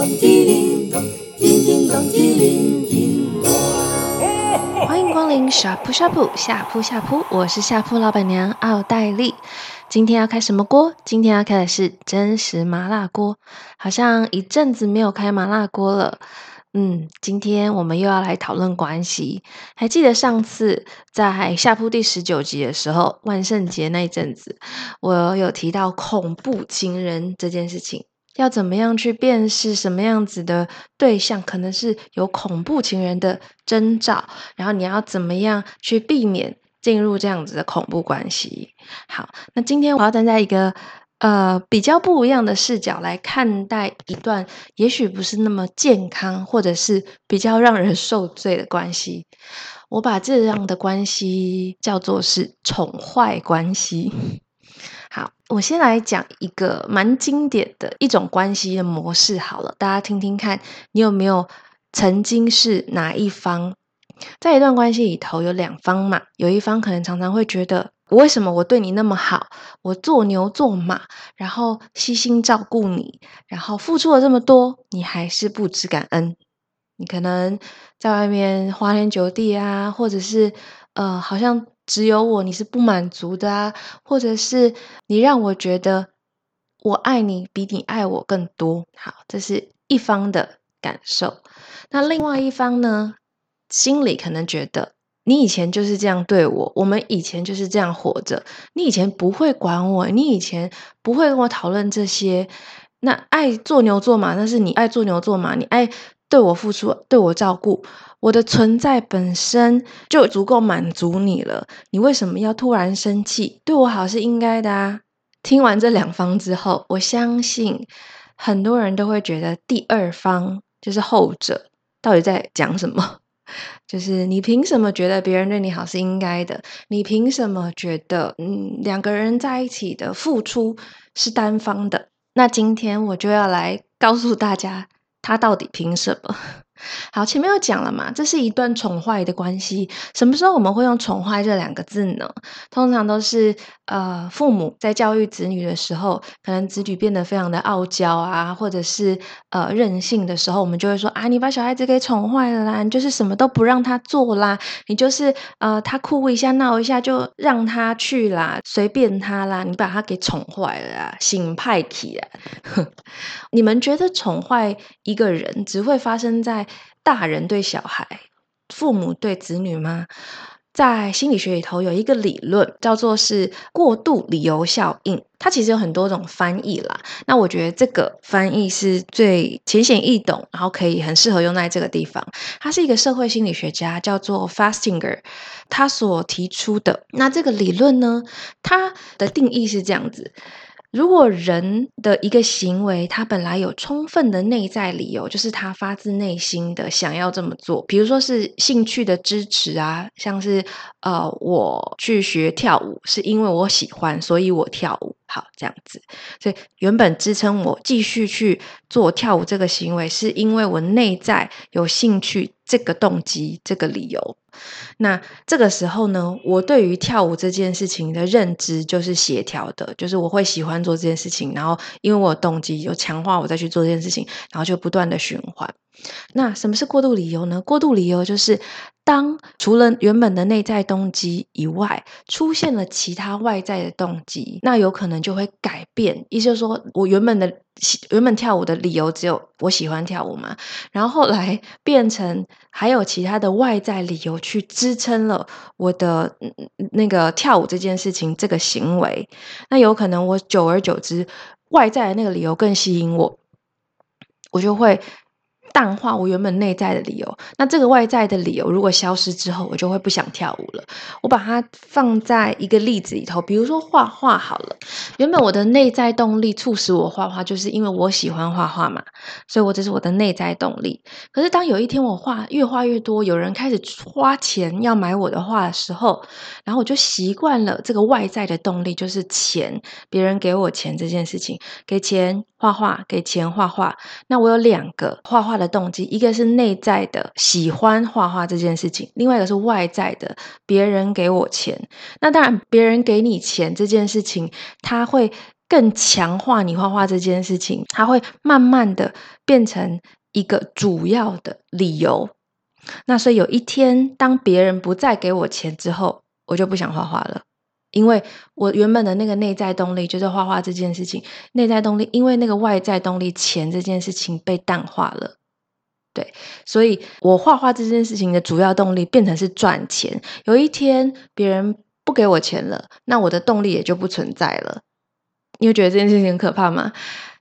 歡迎光臨下鋪下鋪，下鋪下鋪，我是下鋪老闆娘奧黛麗。今天要開什麼鍋？今天要開的是真實麻辣鍋，好像一陣子沒有開麻辣鍋了。嗯，今天我們又要來討論關係。還記得上次在下鋪第十九集的時候，萬聖節那一陣子，我有提到恐怖情人這件事情。要怎麼樣去辨識什麼樣子的對象，可能是有恐怖情人的徵兆，然後你要怎麼樣去避免進入這樣子的恐怖關係？好，那今天我要站在一個呃比較不一樣的視角來看待一段也許不是那麼健康，或者是比較讓人受罪的關係。我把這樣的關係叫做是寵壞關係。嗯好，我先來講一個蠻經典的一種關係的模式好了，大家聽聽看，你有沒有曾經是哪一方？在一段關係裡頭有兩方嘛？有一方可能常常會覺得，我為什麼我對你那麼好，我做牛做馬，然後悉心照顧你，然後付出了這麼多，你還是不知感恩？你可能在外面花天酒地啊，或者是呃，好像。只有我，你是不滿足的啊，或者是你讓我覺得我愛你比你愛我更多。好，這是一方的感受，那另外一方呢，心裡可能覺得你以前就是這樣對我，我們以前就是這樣活着。你以前不會管我，你以前不會跟我討論這些。那愛做牛做馬，那是你愛做牛做馬，你愛。對我付出，對我照顧，我的存在本身就足夠滿足你了。你為什麼要突然生氣？對我好是應該的啊！聽完這兩方之後，我相信很多人都會覺得，第二方就是後者，到底在講什麼？就是你憑什麼覺得別人對你好是應該的？你憑什麼覺得嗯，兩個人在一起的付出是單方的？那今天我就要來告訴大家。他到底憑什麼？好，前面又講了嘛，這是一段寵壞的關係。什麼時候我們會用“寵壞”這兩個字呢？通常都是呃，父母在教育子女的時候，可能子女變得非常的傲嬌啊，或者是呃任性的時候，我們就會說啊，你把小孩子給寵壞了啦，你就是什麼都不讓他做啦，你就是呃，他哭一下鬧一下就讓他去啦，隨便他啦，你把他給寵壞了啊，寵派起來。 你們覺得寵壞一個人，只會發生在？大人對小孩，父母對子女嗎？在心理學裡頭有一個理論叫做是過度理由效應，它其實有很多種翻譯啦。那我覺得這個翻譯是最淺顯易懂，然後可以很適合用在這個地方。他是一個社會心理學家，叫做 Festinger，他所提出的。那這個理論呢，它的定義是這樣子。如果人的一個行為，他本來有充分的內在理由，就是他發自內心的想要這麼做。比如說是興趣的支持啊，像是呃，我去學跳舞是因為我喜歡，所以我跳舞。好，這樣子，所以原本支撐我繼續去做跳舞這個行為，是因為我內在有興趣。這個動機，這個理由，那這個時候呢，我對於跳舞這件事情的認知就是協調的，就是我會喜歡做這件事情，然後因為我有動機，就強化我再去做這件事情，然後就不斷的循環。那什麼是過度理由呢？過度理由就是，當除了原本的內在動機以外，出現了其他外在的動機，那有可能就會改變。意思就是說，我原本的原本跳舞的理由只有我喜歡跳舞嘛，然後後來變成還有其他的外在理由去支撐了我的那個跳舞這件事情這個行為。那有可能我久而久之，外在的那個理由更吸引我，我就會。淡化我原本內在的理由，那這個外在的理由如果消失之後，我就會不想跳舞了。我把它放在一個例子裡頭，比如說畫畫好了，原本我的內在動力促使我畫畫，就是因為我喜歡畫畫嘛，所以我這是我的內在動力。可是當有一天我畫越畫越多，有人開始花錢要買我的畫的時候，然後我就習慣了這個外在的動力，就是錢，別人給我錢這件事情，給錢畫畫，給錢畫畫。那我有兩個畫畫的動機，一個是內在的喜歡畫畫這件事情，另外一個是外在的別人給我錢。那當然，別人給你錢這件事情，他會更強化你畫畫這件事情，他會慢慢的變成一個主要的理由。那所以有一天，當別人不再給我錢之後，我就不想畫畫了，因為我原本的那個內在動力就是畫畫這件事情，內在動力，因為那個外在動力錢這件事情被淡化了。對，所以我畫畫這件事情的主要動力變成是賺錢。有一天別人不給我錢了，那我的動力也就不存在了。你會覺得這件事情很可怕嗎？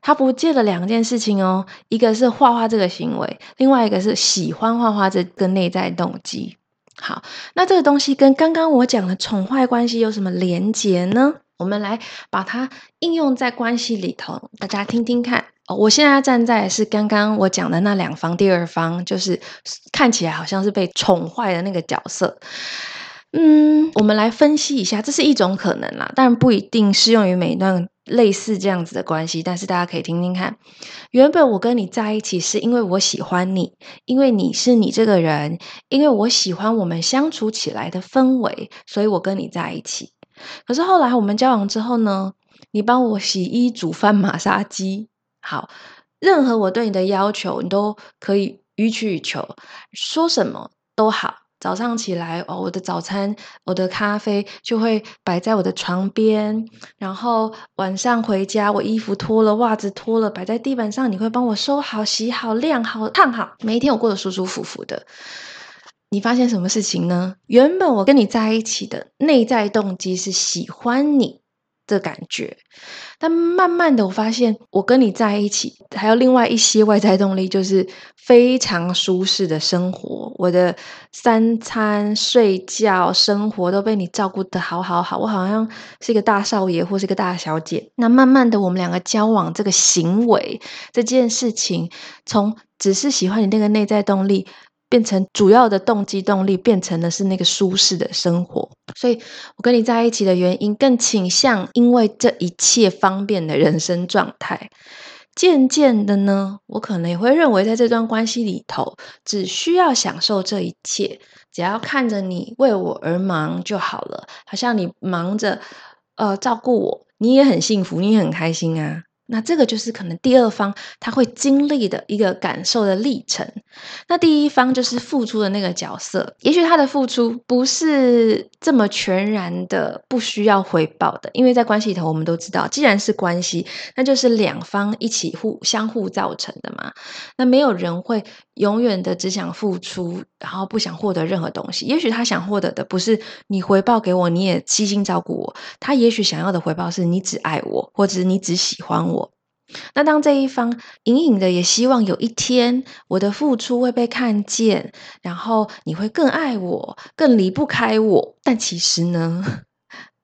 他不見了兩件事情哦，一個是畫畫這個行為，另外一個是喜歡畫畫這個內在動機。好，那這個東西跟剛剛我講的寵壞關係有什麼連結呢？我們來把它應用在關係裡頭，大家聽聽看。我現在站在的是剛剛我講的那兩方，第二方就是看起來好像是被寵壞的那個角色。嗯，我們來分析一下，這是一種可能啦，當然不一定適用於每一段類似這樣子的關係，但是大家可以聽聽看。原本我跟你在一起是因為我喜歡你，因為你是你這個人，因為我喜歡我們相處起來的氛圍，所以我跟你在一起。可是後來我們交往之後呢，你幫我洗衣、煮飯、馬殺雞。好，任何我對你的要求，你都可以予取予求，說什麼都好。早上起來哦，我的早餐、我的咖啡就會擺在我的床邊，然後晚上回家，我衣服脫了、襪子脫了，擺在地板上，你會幫我收好、洗好、晾好、燙好，每一天我過得舒舒服服的。你發現什麼事情呢？原本我跟你在一起的內在動機是喜歡你。這感覺，但慢慢的我發現，我跟你在一起，還有另外一些外在動力，就是非常舒適的生活，我的三餐、睡覺、生活都被你照顧得好好好，我好像是一個大少爺或是一個大小姐。那慢慢的，我們兩個交往這個行為這件事情，從只是喜歡你那個內在動力。變成主要的動機動力，變成的是那個舒適的生活。所以我跟你在一起的原因，更傾向因為這一切方便的人生狀態。漸漸的呢，我可能也會認為，在這段關係裡頭，只需要享受這一切，只要看着你為我而忙就好了。好像你忙着呃照顧我，你也很幸福，你也很開心啊。那這個就是可能第二方他會經歷的一個感受的歷程，那第一方就是付出的那個角色，也許他的付出不是這麼全然的不需要回報的，因為在關係裡頭我們都知道，既然是關係，那就是兩方一起互相互造成的嘛，那沒有人會。永遠的只想付出，然後不想獲得任何東西。也許他想獲得的不是你回報給我，你也悉心照顧我。他也許想要的回報是你只愛我，或者你只喜歡我。那當這一方隱隱的也希望有一天我的付出會被看見，然後你會更愛我，更離不開我。但其實呢，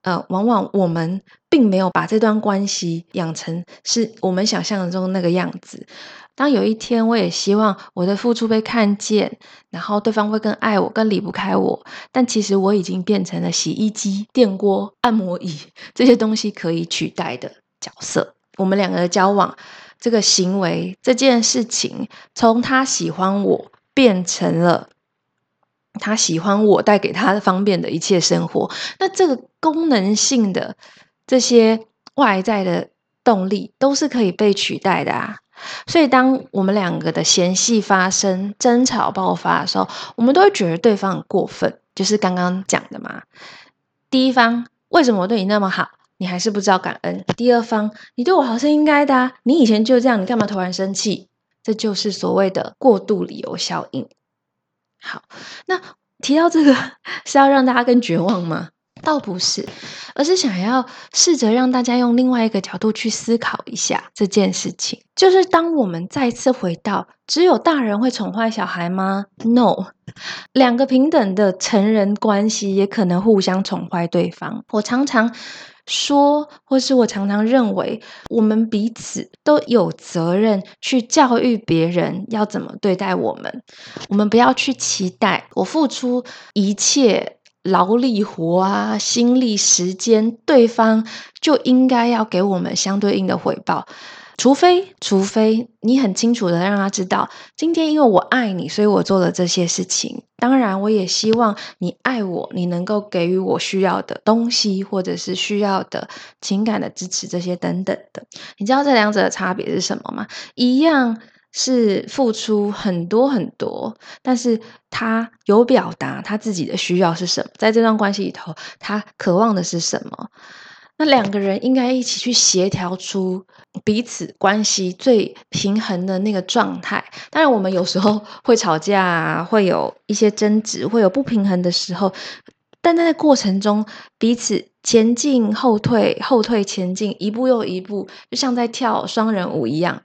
呃，往往我們並沒有把這段關係養成是我們想象中那個樣子。當有一天，我也希望我的付出被看見，然後對方會更愛我，更離不開我。但其實我已經變成了洗衣機、電鍋、按摩椅這些東西可以取代的角色。我們兩個的交往，這個行為，這件事情，從他喜歡我變成了他喜歡我帶給他的方便的一切生活。那這個功能性的這些外在的動力，都是可以被取代的啊。所以，當我們兩個的嫌隙發生、爭吵爆發的時候，我們都會覺得對方很過分。就是剛剛講的嘛，第一方為什麼我對你那麼好，你還是不知道感恩；第二方你對我好是應該的啊，你以前就這樣，你幹嘛突然生氣？這就是所謂的過度理由效應。好，那提到這個是要讓大家更絕望嗎？倒不是，而是想要試着讓大家用另外一個角度去思考一下這件事情。就是當我們再次回到“只有大人會寵壞小孩嗎？”No，兩個平等的成人關係也可能互相寵壞對方。我常常說，或是我常常認為，我們彼此都有責任去教育別人要怎麼對待我們。我們不要去期待我付出一切。勞力活啊，心力時間，對方就應該要給我們相對應的回報，除非除非你很清楚的讓他知道，今天因為我愛你，所以我做了這些事情。當然，我也希望你愛我，你能夠給予我需要的東西，或者是需要的情感的支持，這些等等的。你知道這兩者的差別是什麼嗎？一樣。是付出很多很多，但是他有表達他自己的需要是什麼，在這段關係裡頭，他渴望的是什麼？那兩個人應該一起去協調出彼此關係最平衡的那個狀態。當然，我們有時候會吵架啊，會有一些爭執，會有不平衡的時候，但在過程中，彼此前進、後退、後退、前進，一步又一步，就像在跳雙人舞一樣。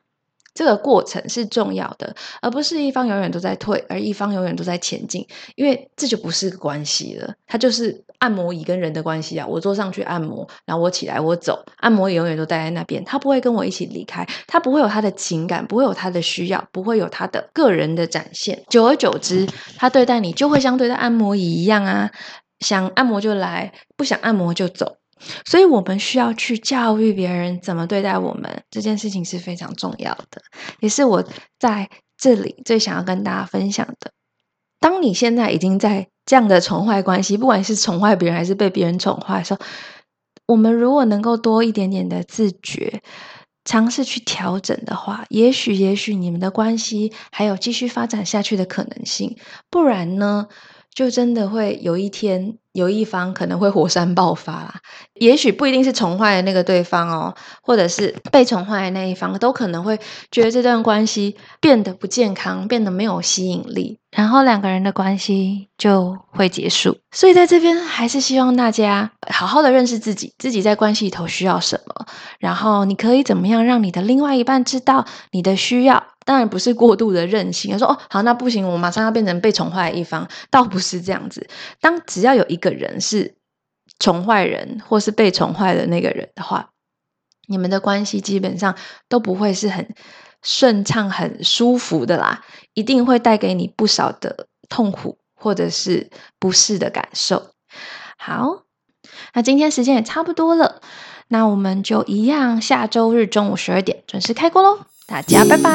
這個過程是重要的，而不是一方永遠都在退，而一方永遠都在前進，因為這就不是關係了。它就是按摩椅跟人的關係啊！我坐上去按摩，然後我起來我走，按摩椅永遠都待在那邊，它不會跟我一起離開，它不會有他的情感，不會有他的需要，不會有他的個人的展現。久而久之，他對待你就會像對待按摩椅一樣啊，想按摩就來，不想按摩就走。所以，我們需要去教育別人怎麼對待我們，這件事情是非常重要的，也是我在這裡最想要跟大家分享的。當你現在已經在這樣的寵壞關係，不管是寵壞別人還是被別人寵壞的時候，我們如果能夠多一點點的自覺，嘗試去調整的話，也許，也許你們的關係還有繼續發展下去的可能性。不然呢，就真的會有一天。有一方可能會火山爆發啦，也許不一定是寵壞的那個對方哦，或者是被寵壞的那一方，都可能會覺得這段關係變得不健康，變得沒有吸引力，然後兩個人的關係就會結束。所以在這邊還是希望大家好好的認識自己，自己在關係裡頭需要什麼，然後你可以怎麼樣讓你的另外一半知道你的需要。當然不是過度的任性，說哦，好，那不行，我馬上要變成被寵壞的一方，倒不是這樣子。當只要有一。一個人是寵壞人，或是被寵壞的那個人的話，你們的關係基本上都不會是很順暢、很舒服的啦，一定會帶給你不少的痛苦或者是不適的感受。好，那今天時間也差不多了，那我們就一樣下周日中午十二點準時開鍋嘍，大家拜拜。